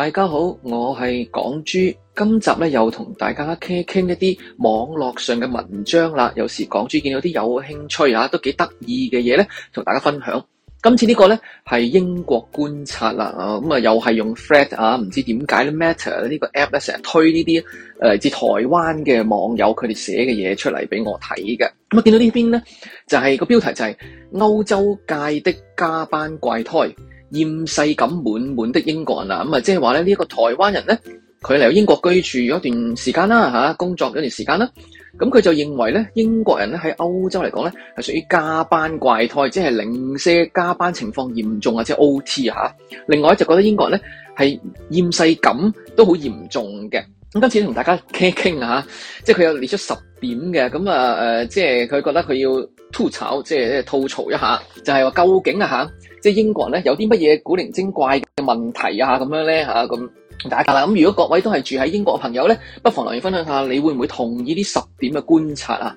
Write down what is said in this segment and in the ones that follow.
大家好，我係港珠，今集咧，又同大家傾一啲網絡上嘅文章啦。有時港珠見到啲有，有興趣啊，都幾得意嘅嘢咧，同大家分享。今次這個呢個咧，係英國觀察啦，咁啊又係用 Threads 啊，唔、啊、知點解咧 Meta 呢這個 app 成日推呢啲誒嚟自台灣嘅網友佢哋寫嘅嘢出嚟俾我睇嘅。咁啊見到這邊呢邊咧，就係、是那個標題就係、是、歐洲界的加班怪胎。厭世感滿滿的英國人啊，咁啊，即係話咧，呢一個台灣人咧，佢嚟到英國居住咗一段時間啦，吓工作咗一段時間啦，咁佢就認為咧，英國人咧喺歐洲嚟講咧係屬於加班怪胎，即係零舍加班情況嚴重，或者 O T 啊吓。另外一就覺得英國人咧係厭世感都好嚴重嘅。咁今次同大家傾傾吓啊，即係佢有列出十點嘅，咁啊誒，即係佢覺得佢要吐槽，即係吐槽一下，就係話究竟啊吓。即係英國咧，有啲乜嘢古靈精怪嘅問題啊咁樣，咧嚇咁大家啦。咁如果各位都係住喺英國嘅朋友咧，不妨留意分享下，你會唔會同意呢十點嘅觀察啊？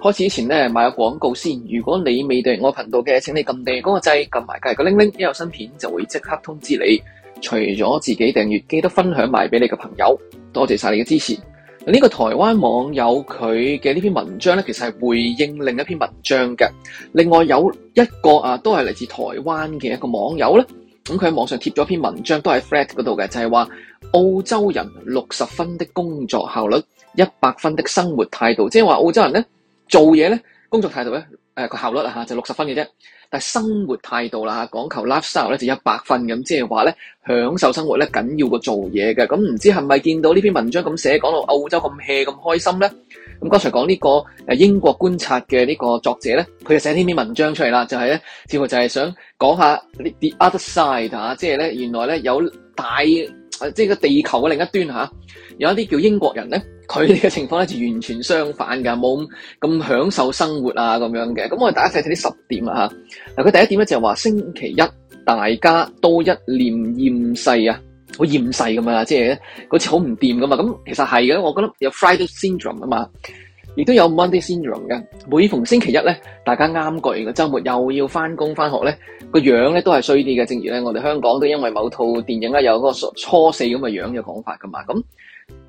開始之前咧，賣下廣告先。如果你未訂閱我頻道嘅，請你撳訂嗰個掣，撳埋隔離個鈴鈴，一有新片就會即刻通知你。除咗自己訂閱，記得分享埋俾你嘅朋友。多謝晒你嘅支持。呢個台灣網友佢嘅呢篇文章呢，其實係回應另一篇文章嘅。另外有一個啊，都係嚟自台灣嘅一個網友呢，咁佢喺網上貼咗一篇文章，都係 Threads 嗰度嘅，就係話澳洲人六十分的工作效率，一百分的生活態度，即係話澳洲人呢，做嘢呢，工作態度呢。誒，個、呃、效率吓、啊、就六十分嘅啫，但係生活態度啦吓，講、啊、求 lifestyle 咧就一百分咁，即係話咧享受生活咧緊要過做嘢嘅，咁、嗯、唔知係咪見到呢篇文章咁寫，講到澳洲咁 hea 咁開心咧？咁剛才講呢個誒英國觀察嘅呢個作者咧，佢就寫呢篇文章出嚟啦，就係、是、咧似乎就係想講下 the other side 啊，即係咧原來咧有大。啊！即係個地球嘅另一端嚇、啊，有一啲叫英國人咧，佢哋嘅情況咧就完全相反噶，冇咁享受生活啊咁樣嘅。咁我哋大家一睇呢十點啊嚇。嗱、啊，佢第一點咧就係話星期一大家都一臉厭世啊，好厭世咁樣，即係嗰次好唔掂噶嘛。咁、嗯、其實係嘅，我覺得有 Friday Syndrome 啊嘛。亦都有 Monday Syndrome 嘅。每逢星期一咧，大家啱過完個周末又要翻工翻學咧，個樣咧都係衰啲嘅。正如咧，我哋香港都因為某套電影咧有嗰個初四咁嘅樣嘅講法噶嘛。咁、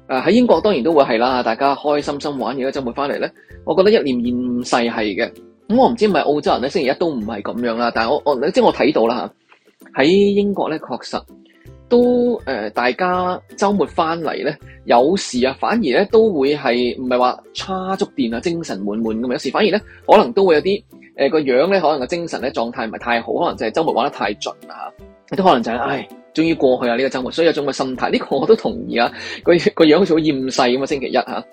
呃、喺英國當然都會係啦，大家開心心玩嘢，周末翻嚟咧，我覺得一臉厭世係嘅。咁、嗯、我唔知係咪澳洲人咧，星期一都唔係咁樣啦。但係我我即係我睇到啦吓喺英國咧，確實。都誒、呃，大家周末翻嚟咧，有時啊，反而咧都會係唔係話叉足電啊，精神滿滿咁啊。有時反而咧，可能都會有啲誒、呃、個樣咧，可能個精神咧狀態唔係太好，可能就係周末玩得太盡啦都可能就係、是、唉，終、哎、於過去啊呢、這個周末，所以有種嘅心態，呢、這個我都同意啊。個個樣好似好厭世咁啊，星期一嚇、啊。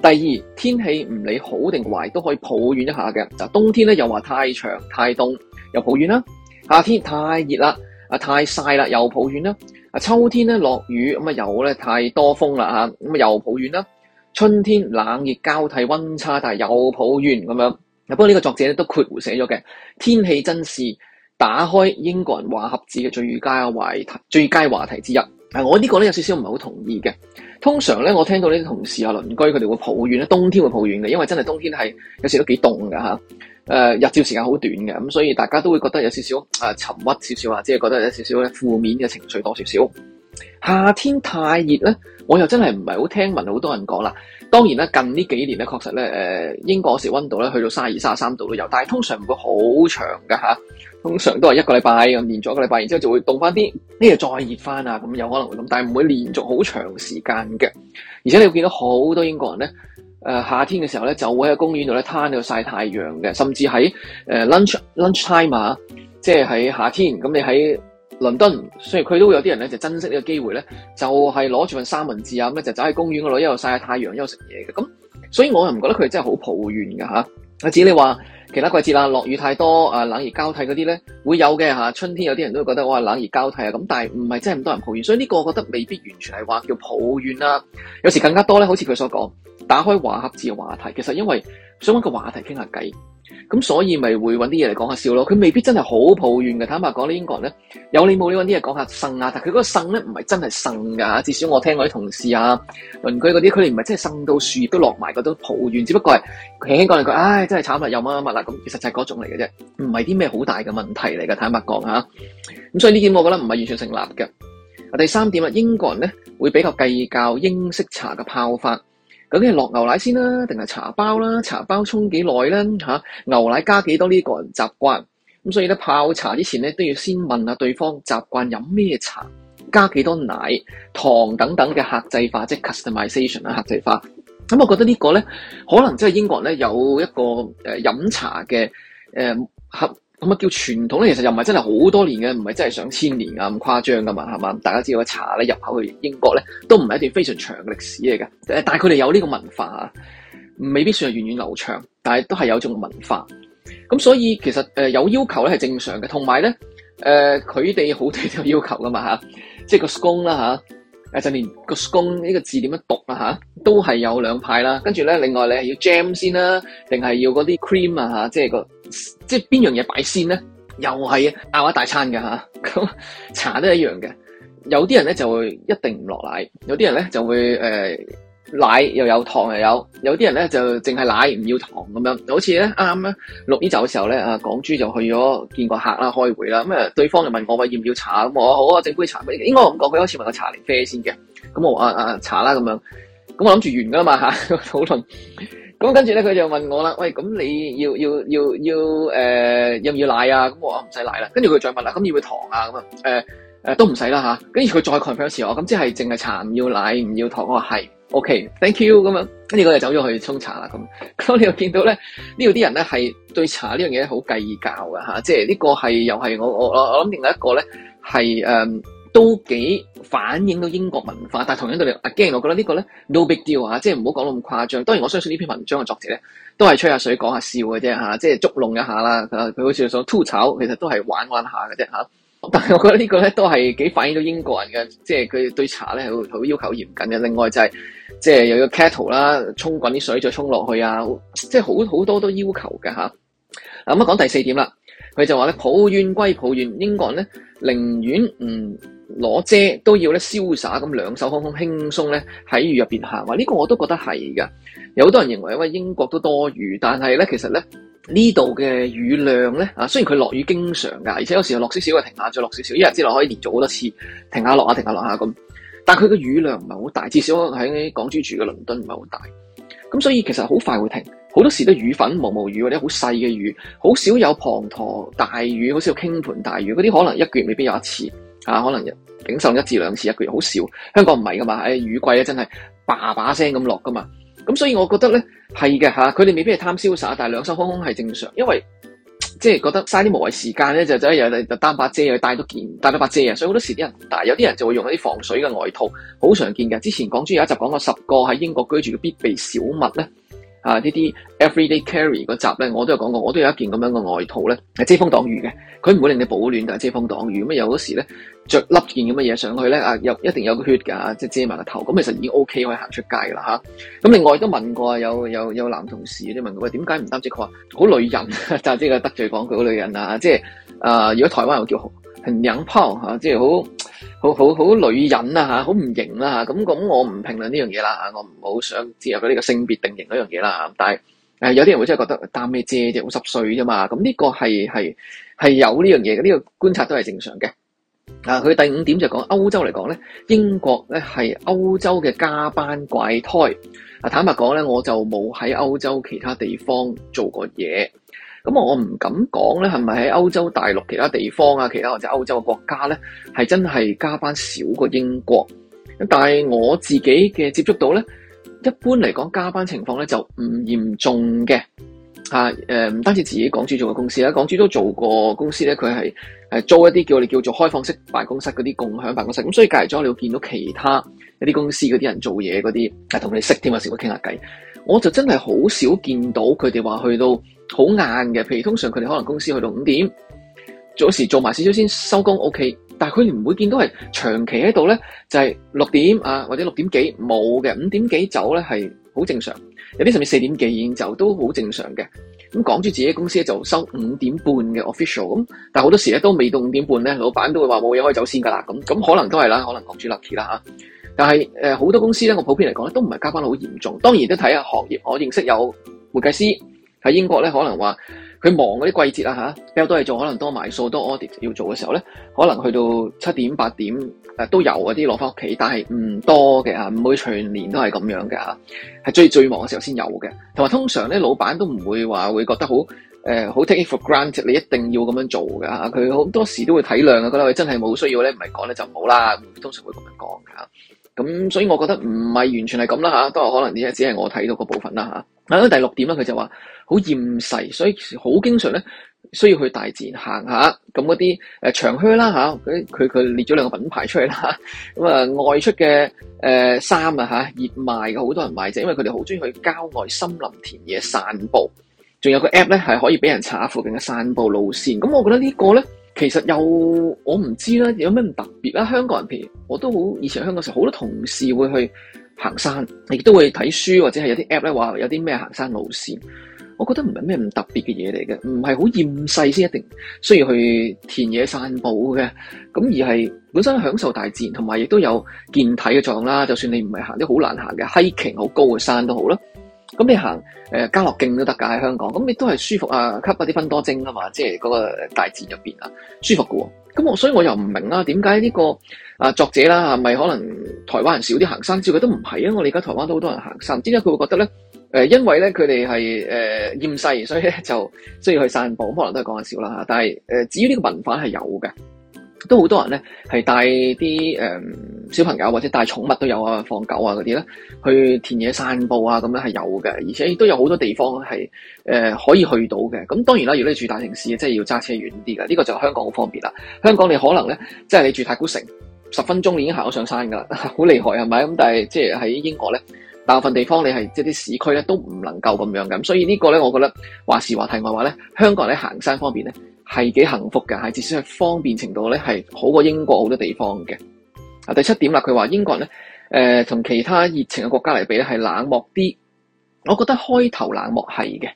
第二，天氣唔理好定壞都可以抱怨一下嘅。嗱、就是，冬天咧又話太長太凍，又抱怨啦。夏天太熱啦。啊！太晒啦，又抱怨啦。啊，秋天咧落雨，咁啊又咧太多風啦嚇，咁啊又抱怨啦。春天冷熱交替，溫差大，又抱怨咁樣。不過呢個作者咧都括弧寫咗嘅，天氣真是打開英國人話匣子嘅最佳話題，最佳話題之一。但我呢個咧有少少唔係好同意嘅。通常咧，我聽到呢啲同事啊、鄰居佢哋會抱怨咧，冬天會抱怨嘅，因為真係冬天係有時都幾凍㗎嚇。誒、呃、日照時間好短嘅，咁、嗯、所以大家都會覺得有少少啊沉鬱少少啊，即係覺得有少少負面嘅情緒多少少。夏天太熱咧，我又真係唔係好聽聞好多人講啦。當然啦，近呢幾年咧確實咧、呃，英國嗰時溫度咧去到卅二、卅三度都有，但係通常唔會好長㗎。嚇、啊。通常都係一個禮拜咁連續一個禮拜，然之後就會凍翻啲，呢度再熱翻啊，咁有可能會咁，但係唔會連續好長時間嘅。而且你會見到好多英國人咧。誒、呃，夏天嘅時候咧，就會喺公園度咧攤度曬太陽嘅，甚至喺誒 lunch lunch time 啊，即係喺夏天，咁你喺倫敦，雖然佢都會有啲人咧就珍惜呢個機會咧，就係攞住份三文治啊，咁就走喺公園嗰度，一路曬太陽，一路食嘢嘅，咁所以我又唔覺得佢真係好抱怨噶吓，阿子你話。其他季節啦，落雨太多啊，冷熱交替嗰啲呢，會有嘅。春天有啲人都會覺得哇、哦，冷熱交替啊咁，但係唔係真係咁多人抱怨，所以呢個我覺得未必完全係話叫抱怨啦、啊。有時更加多呢，好似佢所講，打開話盒子嘅話題，其實因為，想揾個話題傾下偈，咁所以咪會揾啲嘢嚟講下笑咯。佢未必真係好抱怨嘅。坦白講，啲英國人咧有你冇你揾啲嘢講下呻啊，但係佢嗰個呻咧唔係真係呻㗎。至少我聽我啲同事啊、鄰居嗰啲，佢哋唔係真係呻到樹葉都落埋嗰種抱怨。只不過係輕輕講嚟講，唉、哎，真係慘啊，又乜乜乜啦。其實就係嗰種嚟嘅啫，唔係啲咩好大嘅問題嚟嘅。坦白講吓，咁、啊、所以呢點我覺得唔係完全成立嘅。第三點啊，英國人咧會比較計較英式茶嘅泡法。究竟係落牛奶先啦，定係茶包啦？茶包沖幾耐咧？吓，牛奶加幾多呢、呢個？個人習慣咁，所以咧泡茶之前咧都要先問下對方習慣飲咩茶，加幾多奶糖等等嘅客製化，即係 customization 啊，客製化。咁、嗯、我覺得個呢個咧，可能即係英國咧有一個誒、呃、飲茶嘅誒、呃、合。咁啊，叫傳統咧，其實又唔係真係好多年嘅，唔係真係上千年啊咁誇張噶嘛，係嘛？大家知道茶咧入口去英國咧，都唔係一段非常長嘅歷史嚟嘅，誒，但係佢哋有呢個文化啊，未必算係源遠流長，但係都係有種文化。咁所以其實誒、呃、有要求咧係正常嘅，同埋咧，誒佢哋好多有要求噶嘛吓、啊，即係個 scone 啦、啊、吓，誒、啊、就連個 scone 呢個字點樣讀啊吓，都係有兩派啦。跟住咧，另外你係要 jam 先啦、啊，定係要嗰啲 cream 啊吓、啊，即係、個。即係邊樣嘢擺先咧？又係啊，阿大餐㗎！吓、嗯，咁茶都一樣嘅。有啲人咧就會一定唔落奶，有啲人咧就會誒、呃、奶又有糖又有，有啲人咧就淨係奶唔要糖咁樣。好似咧啱咧錄呢集嘅時候咧啊，港珠就去咗見個客啦，開會啦。咁啊，對方就問我喂，要唔要茶，咁我好啊，整杯茶。應該我咁講，佢好似問個茶零啡先嘅。咁、嗯、我話啊、嗯嗯、茶啦咁樣，咁我諗住完噶啦嘛吓，討、嗯、論。 咁跟住咧，佢就問我啦，喂，咁你要要要要誒，要唔要，要、呃、要，要奶啊？咁我話唔使奶啦。跟住佢再問啦，咁要唔要糖啊？咁、呃呃、啊誒都唔使啦吓，跟住佢再 confirm 我咁，即係淨係茶，唔要奶，唔要糖。我話係 OK，thank you 咁樣。跟住我就走咗去沖茶啦。咁咁你又見到咧，呢度啲人咧係對茶呢樣嘢好計較㗎。吓、啊，即係呢個係又係我我我我諗另外一個咧係都幾反映到英國文化，但同樣對你 again 我覺得個呢個咧 no big deal 啊，即係唔好講到咁誇張。當然我相信呢篇文章嘅作者咧都係吹下水、講下笑嘅啫、啊、即係捉弄一下啦。佢、啊、好似想吐槽，其實都係玩玩下嘅啫、啊、但係我覺得個呢個咧都係幾反映到英國人嘅，即係佢對茶咧好要求嚴謹嘅。另外就係、是、即係要有 kettle 啦，沖滾啲水再沖落去啊，即係好好多都要求嘅嚇。咁啊講、啊、第四點啦，佢就話咧抱怨歸抱怨，英國人咧寧願唔～、嗯攞遮都要咧，瀟灑咁兩手空空，輕鬆咧喺雨入邊行。話呢個我都覺得係噶。有好多人認為，因為英國都多雨，但係咧，其實咧呢度嘅雨量咧啊，雖然佢落雨經常㗎，而且有時候落少少，又停下，再落少少，一日之內可以連續好多次停下落下停下落下咁。但係佢嘅雨量唔係好大，至少喺港豬住嘅倫敦唔係好大。咁所以其實好快會停。好多時都雨粉毛毛雨或者好細嘅雨，好少有滂沱大雨，好少有傾盆大雨嗰啲，可能一個月未必有一次。啊，可能忍受一至兩次一個月，好少。香港唔係噶嘛，哎、雨季咧真係叭叭聲咁落噶嘛。咁所以我覺得咧係嘅吓，佢哋、啊、未必係貪瀟灑，但係兩手空空係正常，因為即係覺得嘥啲無謂時間咧，就就一日就擔把遮，又帶多件，帶多把遮啊。所以好多時啲人，但係有啲人就會用一啲防水嘅外套，好常見嘅。之前港豬有一集講過十個喺英國居住嘅必備小物咧。啊！這些呢啲 everyday carry 嗰集咧，我都有講過，我都有一件咁樣嘅外套咧，係遮風擋雨嘅，佢唔會令你保暖，但係遮風擋雨咁啊！有嗰時咧着笠件咁嘅嘢上去咧，啊，有、啊啊、一定有個血㗎，即、啊、係遮埋個頭，咁其實已經 OK 可以行出街啦吓，咁、啊、另外亦都問過有有有男同事都問過，喂，點解唔擔遮蓋？好女人、啊、就係、是、呢得罪講句好女人啊！即係啊，如果台灣又叫好娘炮吓，即係好。就是好好好女人啊吓，好唔型啊吓，咁咁我唔評論呢樣嘢啦吓，我唔好想切入佢呢個性別定型嗰樣嘢啦。但係誒有啲人會真係覺得擔咩借啫好濕碎啫嘛。咁呢個係係係有呢樣嘢嘅，呢個觀察都係正常嘅。啊，佢第五點就講，歐洲嚟講咧，英國咧係歐洲嘅加班怪胎。啊，坦白講咧，我就冇喺歐洲其他地方做過嘢，咁我唔敢講咧，係咪喺歐洲大陸其他地方啊，其他或者歐洲嘅國家咧，係真係加班少過英國。咁但係我自己嘅接觸到咧，一般嚟講加班情況咧就唔嚴重嘅，嚇誒，唔單止自己港珠做嘅公司啦，港珠都做過公司咧，佢係誒租一啲叫我哋叫做開放式辦公室嗰啲共享辦公室，咁所以隔離咗，你會見到其他。一啲公司嗰啲人做嘢嗰啲，係同你識添啊，成日傾下偈。我就真係好少見到佢哋話去到好晏嘅，譬如通常佢哋可能公司去到五點，做時做埋少少先收工。OK，但係佢哋唔會見到係長期喺度咧，就係六點啊或者六點幾冇嘅，五點幾走咧係好正常。有啲甚至四點幾已經走都好正常嘅。咁港豬自己公司就收五點半嘅 official 咁，但係好多時咧都未到五點半咧，老闆都會話冇嘢可以走先㗎啦。咁咁可能都係啦，可能港豬 lucky 啦吓。但係誒好多公司咧，我普遍嚟講咧都唔係加班好嚴重。當然都睇下行業。我認識有會計師喺英國咧，可能話佢忙嗰啲季節啦嚇，比較多嘢做，可能多埋數多 audit 要做嘅時候咧，可能去到七點八點、啊、都有嗰啲攞翻屋企，但係唔多嘅，唔會全年都係咁樣嘅係、啊、最最忙嘅時候先有嘅。同埋通常咧，老闆都唔會話會覺得好誒好 take it for granted，你一定要咁樣做嘅。佢好多時都會體諒啊，覺得佢真係冇需要咧，唔係講咧就唔好啦。通常會咁樣講㗎。啊咁所以我覺得唔係完全係咁啦吓。都係可能只係只係我睇到個部分啦吓。咁、啊、第六點咧，啦，佢就話好厭世，所以好經常咧需要去大自然行下。咁嗰啲誒長靴啦吓，佢、啊、佢列咗兩個品牌出嚟啦。咁啊外出嘅誒衫啊吓熱賣嘅好多人買啫，因為佢哋好中意去郊外森林田野散步。仲有個 app 咧係可以俾人查附近嘅散步路線。咁我覺得個呢個咧。其實又我唔知啦，有咩唔特別啦。香港人譬如我都好，以前喺香港時候好多同事會去行山，亦都會睇書或者係有啲 app 咧話有啲咩行山路線。我覺得唔係咩唔特別嘅嘢嚟嘅，唔係好厭世先一定需要去田野散步嘅咁，而係本身享受大自然，同埋亦都有健體嘅作用啦。就算你唔係行啲好難行嘅 hiking 好高嘅山都好啦。咁你行誒家樂徑都得㗎，喺香港，咁你都係舒服啊，吸一啲芬多精啊嘛，即係嗰個大自然入面啊，舒服㗎喎。咁我所以我又唔明啦、啊，點解呢個啊作者啦嚇，係咪可能台灣人少啲行山？照佢都唔係啊。我哋而家台灣都好多人行山，點解佢會覺得咧？誒、呃，因為咧佢哋係誒厭世，所以咧就需要去散步，可能都係講緊少啦嚇。但係誒、呃，至於呢個文化係有嘅。都好多人呢，係帶啲誒、嗯、小朋友或者帶寵物都有啊，放狗啊嗰啲呢，去田野散步啊，咁樣係有嘅，而且都有好多地方係、呃、可以去到嘅。咁當然啦，如果你住大城市，即係要揸車遠啲㗎，呢個就香港好方便啦。香港你可能呢，即係你住太古城，十分鐘你已經行咗上山㗎啦，好厲害係咪？咁但係即係喺英國呢，大部分地方你係即係啲市區呢都唔能夠咁樣咁，所以呢個呢，我覺得話時話題外話呢，香港你行山方面呢。係幾幸福嘅，係至少係方便程度咧，係好過英國好多地方嘅。啊，第七點啦，佢話英國咧，誒、呃、同其他熱情嘅國家嚟比咧，係冷漠啲。我覺得開頭冷漠係嘅，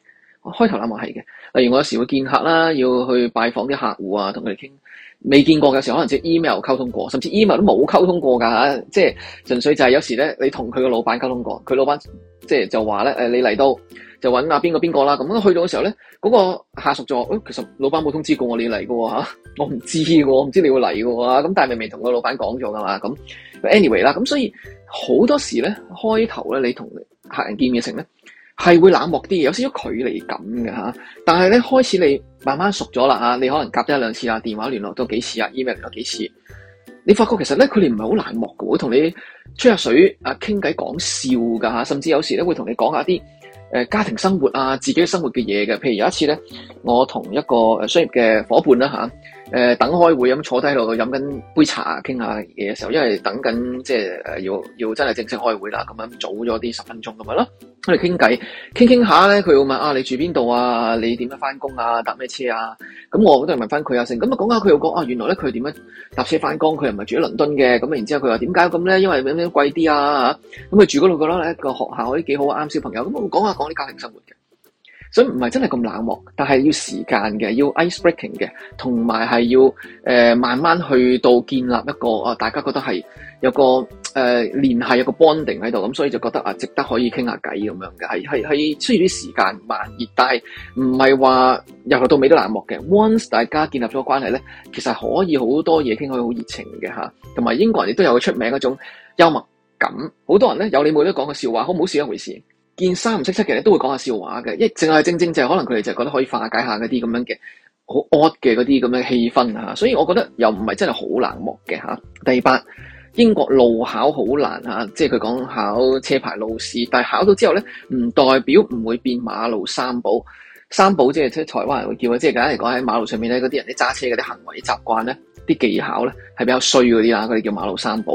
開頭冷漠係嘅。例如我有時會見客啦，要去拜訪啲客戶啊，同佢哋傾。未見過嘅時候，可能只 email 溝通過，甚至 email 都冇溝通過㗎，即、啊、係、就是、純粹就係有時咧，你同佢嘅老闆溝通過，佢老闆即係就話、是、咧，你嚟到。就揾下邊個邊個啦，咁去到嘅時候咧，嗰個客屬就話，誒，其實老闆冇通知過我你嚟嘅喎嚇，我唔知嘅喎，唔知你會嚟嘅喎，咁但係明明同個老闆講咗㗎嘛？咁 anyway 啦，咁所以好多時咧，開頭咧，你同客人見嘅時咧，係會冷漠啲，有少少距離感嘅嚇。但係咧，開始你慢慢熟咗啦嚇，你可能夾咗一兩次啊，電話聯絡都幾次啊，email 多幾次，你發覺其實咧，佢哋唔係好冷漠嘅，會同你吹下水啊，傾偈講笑㗎嚇，甚至有時咧會同你講下啲。誒家庭生活啊，自己生活嘅嘢嘅，譬如有一次咧，我同一個商業嘅夥伴啦吓。啊誒、呃、等開會咁坐低喺度飲緊杯茶，傾下嘢嘅時候，因為等緊即係誒、呃、要要真係正式開會啦，咁樣早咗啲十分鐘咁咪咯，佢哋傾偈，傾傾下咧，佢會問啊你住邊度啊？你點、啊、樣翻工啊？搭咩車啊？咁我我都係問翻佢啊，成咁啊講下佢又講啊，原來咧佢點樣搭車翻工，佢又唔係住喺倫敦嘅，咁然之後佢話點解咁咧？因為點點貴啲啊，咁佢住嗰度嘅咯，一個學校嗰啲幾好，啱小朋友，咁我講下講啲家庭生活。所以唔係真係咁冷漠，但係要時間嘅，要 ice breaking 嘅，同埋係要誒、呃、慢慢去到建立一個啊、呃，大家覺得係有個誒聯繫，有個 bonding 喺度，咁所以就覺得啊、呃，值得可以傾下偈咁樣嘅，係係係需要啲時間慢熱，但係唔係話由頭到尾都冷漠嘅。Once 大家建立咗個關係咧，其實可以好多嘢傾，可以好熱情嘅嚇。同埋英國人亦都有個出名嗰種幽默感，好多人咧有你妹都講個笑話，好唔好笑一回事。見三唔識七嘅人都會講下笑話嘅，一淨係正正就係可能佢哋就覺得可以化解下嗰啲咁樣嘅好惡嘅嗰啲咁嘅氣氛啊，所以我覺得又唔係真係好冷漠嘅嚇。第八，英國路考好難嚇，即係佢講考車牌路試，但係考到之後咧，唔代表唔會變馬路三寶。三寶即係即係台灣人會叫啊，即係簡單嚟講喺馬路上面咧，嗰啲人啲揸車嗰啲行為習慣咧，啲技巧咧係比較衰嗰啲啦，嗰啲叫馬路三寶。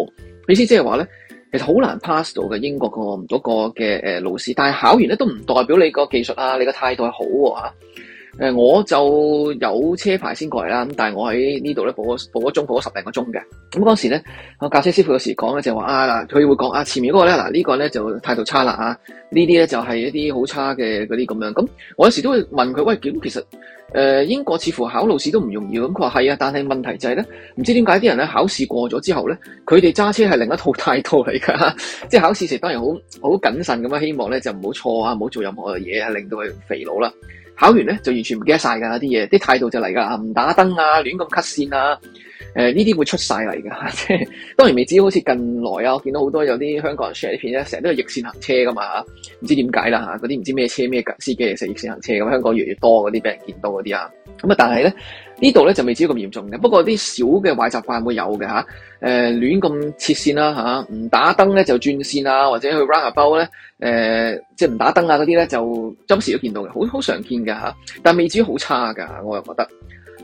意思即係話咧。其實好難 pass 到嘅，英國個嗰個嘅誒路試，但係考完咧都唔代表你個技術啊，你個態度好啊。誒、呃、我就有車牌先過嚟啦，咁但係我喺呢度咧，補咗補咗鐘，補咗十零個鐘嘅。咁、嗯、嗰時咧，我教車師傅有時講咧，就話、是、啊，佢會講啊，前面嗰個咧，嗱、啊這個、呢個咧就態度差啦啊，呢啲咧就係、是、一啲好差嘅嗰啲咁樣。咁、嗯、我有時都會問佢，喂，點其實誒、呃、英國似乎考路試都唔容易，咁佢話係啊，但係問題就係咧，唔知點解啲人咧考試過咗之後咧，佢哋揸車係另一套態度嚟㗎，即 係考試時當然好好謹慎咁樣，希望咧就唔好錯啊，唔好做任何嘅嘢係令到佢肥佬啦。考完咧就完全唔記得曬㗎啲嘢，啲態度就嚟㗎，唔打燈啊，亂咁 cut 線啊，呃呢啲會出晒嚟㗎，即係當然未知，好似近來啊，我見到好多有啲香港人 share 片咧，成日都係逆線行車㗎嘛，唔知點解啦嚇，嗰啲唔知咩車咩嘅司機嚟食逆線行車咁，香港越來越多嗰啲俾人見到嗰啲啊，咁啊但係咧。呢度咧就未至於咁嚴重嘅，不過啲小嘅壞習慣會有嘅嚇。誒亂咁切線啦嚇，唔、啊、打燈咧就轉線啊，或者去 roundabout 咧、呃，誒即係唔打燈啊嗰啲咧就周時都見到嘅，好好常見㗎、啊。但未至於好差㗎，我又覺得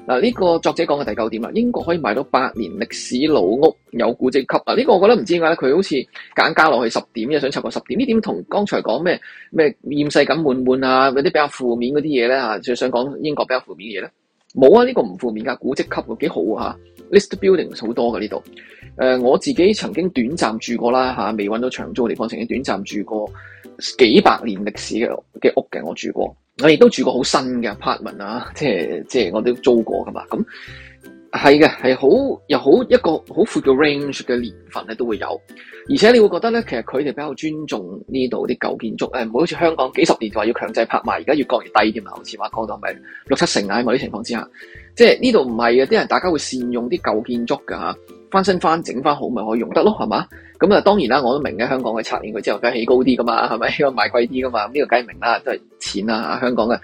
嗱呢、啊這個作者講嘅第九點啦，英國可以買到百年歷史老屋有古跡級啊！呢、這個我覺得唔知點解咧，佢好似硬加落去十點嘅，想湊夠十點。呢點同剛才講咩咩厭世感滿滿啊，嗰啲比較負面嗰啲嘢咧嚇，最想講英國比較負面嘅嘢咧。冇、這個、啊，呢個唔付面額，古蹟級嘅，幾好啊吓。l i s t buildings 好多噶呢度。誒，我自己曾經短暫住過啦吓，未、啊、揾到長租嘅地方，曾經短暫住過幾百年歷史嘅嘅屋嘅，我住過。我、啊、亦都住過好新嘅 apartment 啊，即係即係我都租過噶嘛。咁、啊。嗯係嘅，係好有好一個好闊嘅 range 嘅年份咧都會有，而且你會覺得咧，其實佢哋比較尊重呢度啲舊建築，誒、呃，冇好似香港幾十年話要強制拍賣，而家越降越低添啊，好似話降到咪六七成啊，喺某啲情況之下，即係呢度唔係嘅，啲人大，大家會善用啲舊建築噶吓，翻新翻整翻好咪可以用得咯，係嘛？咁啊，當然啦，我都明嘅。香港嘅拆完佢之後，梗係起高啲噶嘛，係咪？香港賣貴啲噶嘛，呢個梗係明啦。都係錢啦，香港嘅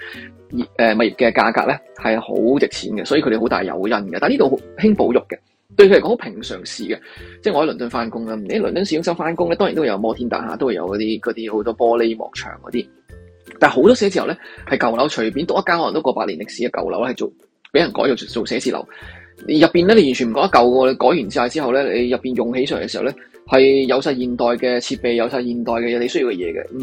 業物業嘅價格咧係好值錢嘅，所以佢哋好大誘因嘅。但呢度輕保育嘅，對佢嚟講好平常事嘅。即係我喺倫敦翻工啦，你喺倫敦市中心翻工咧，當然都有摩天大廈，都會有嗰啲嗰啲好多玻璃幕牆嗰啲。但係好多寫字樓咧係舊樓，隨便篤一間，可能都過百年歷史嘅舊樓咧，係做俾人改做做寫字樓。入邊咧，你完全唔覺得舊嘅喎。你改完晒之後咧，你入邊用起上嚟嘅時候咧。係有晒現代嘅設備，有晒現代嘅嘢，你需要嘅嘢嘅，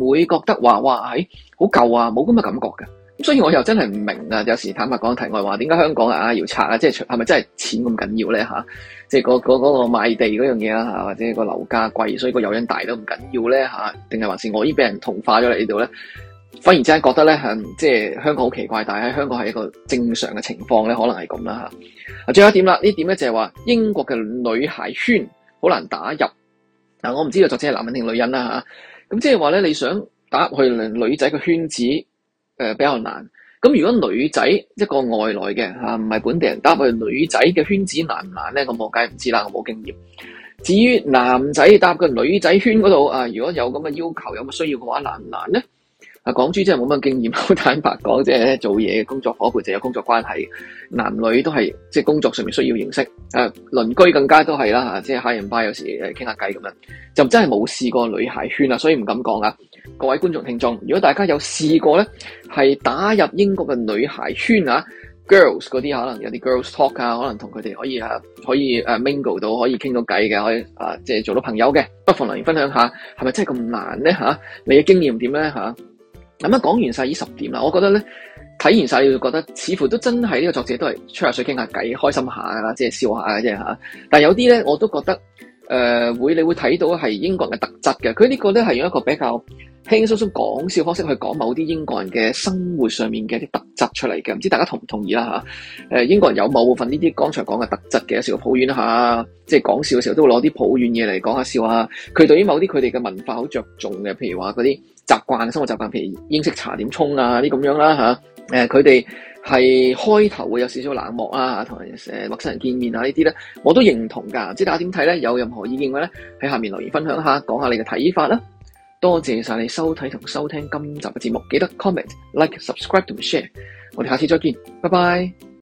唔會覺得話哇，係、哎、好舊啊，冇咁嘅感覺嘅。咁所以我又真係唔明啊。有時坦白講題外話，點解香港啊，就是、是是要拆啊，即係係咪真係錢咁緊要咧？即係個個嗰個賣地嗰樣嘢啦、啊，或者個樓價貴，所以個誘因大都唔緊要咧，定係還是我已經俾人同化咗嚟呢度咧？反而真係覺得咧，即、啊、係、嗯就是、香港好奇怪，但係喺香港係一個正常嘅情況咧，可能係咁啦。最後一點啦，呢點咧就係話英國嘅女孩圈。好難打入嗱，我唔知道作者係男人定女人啦吓，咁即係話咧，你想打入去女仔嘅圈子，誒比較難。咁如果女仔一個外來嘅吓，唔係本地人，打入去女仔嘅圈子難唔難咧？我冇計唔知啦，我冇經驗。至於男仔搭個女仔圈嗰度啊，如果有咁嘅要求，有冇需要嘅話，難唔難咧？港豬真係冇乜經驗。好坦白講，即係做嘢嘅工作夥伴，就有工作關係。男女都係即係工作上面需要認識。誒，鄰居更加都係啦吓，即係下完班有時誒傾下偈咁樣。就真係冇試過女孩圈啊，所以唔敢講啊。各位觀眾聽眾，如果大家有試過呢，係打入英國嘅女孩圈啊，girls 嗰啲可能有啲 girls talk 啊，可能同佢哋可以啊可以誒 mingle 到，可以傾到偈嘅，可以啊即係做到朋友嘅，不妨留言分享下，係咪真係咁難呢？吓？你嘅經驗點呢？吓？咁啊，講完晒呢十點啦，我覺得咧睇完晒你會覺得似乎都真係呢、這個作者都係吹下水、傾下偈、開心下啦，即係笑下嘅啫嚇。但有啲咧，我都覺得誒會、呃，你會睇到係英國人嘅特質嘅。佢呢個咧係用一個比較輕鬆鬆講笑方式去講某啲英國人嘅生活上面嘅一啲特質出嚟嘅。唔知大家同唔同意啦、呃、英國人有某部分呢啲剛才講嘅特質嘅，有時抱怨一下，即係講笑嘅時候都會攞啲抱怨嘢嚟講下笑下。佢對於某啲佢哋嘅文化好着重嘅，譬如話嗰啲。習慣生活習慣，譬如英式茶點沖啊啲咁樣啦嚇，誒佢哋係開頭會有少少冷漠啊，同陌生人見面啊呢啲咧，我都認同㗎。唔知大家點睇咧？有任何意見嘅咧，喺下面留言分享下，講下你嘅睇法啦。多謝晒你收睇同收聽今集嘅節目，記得 comment、like、subscribe 同 share。我哋下次再見，拜拜。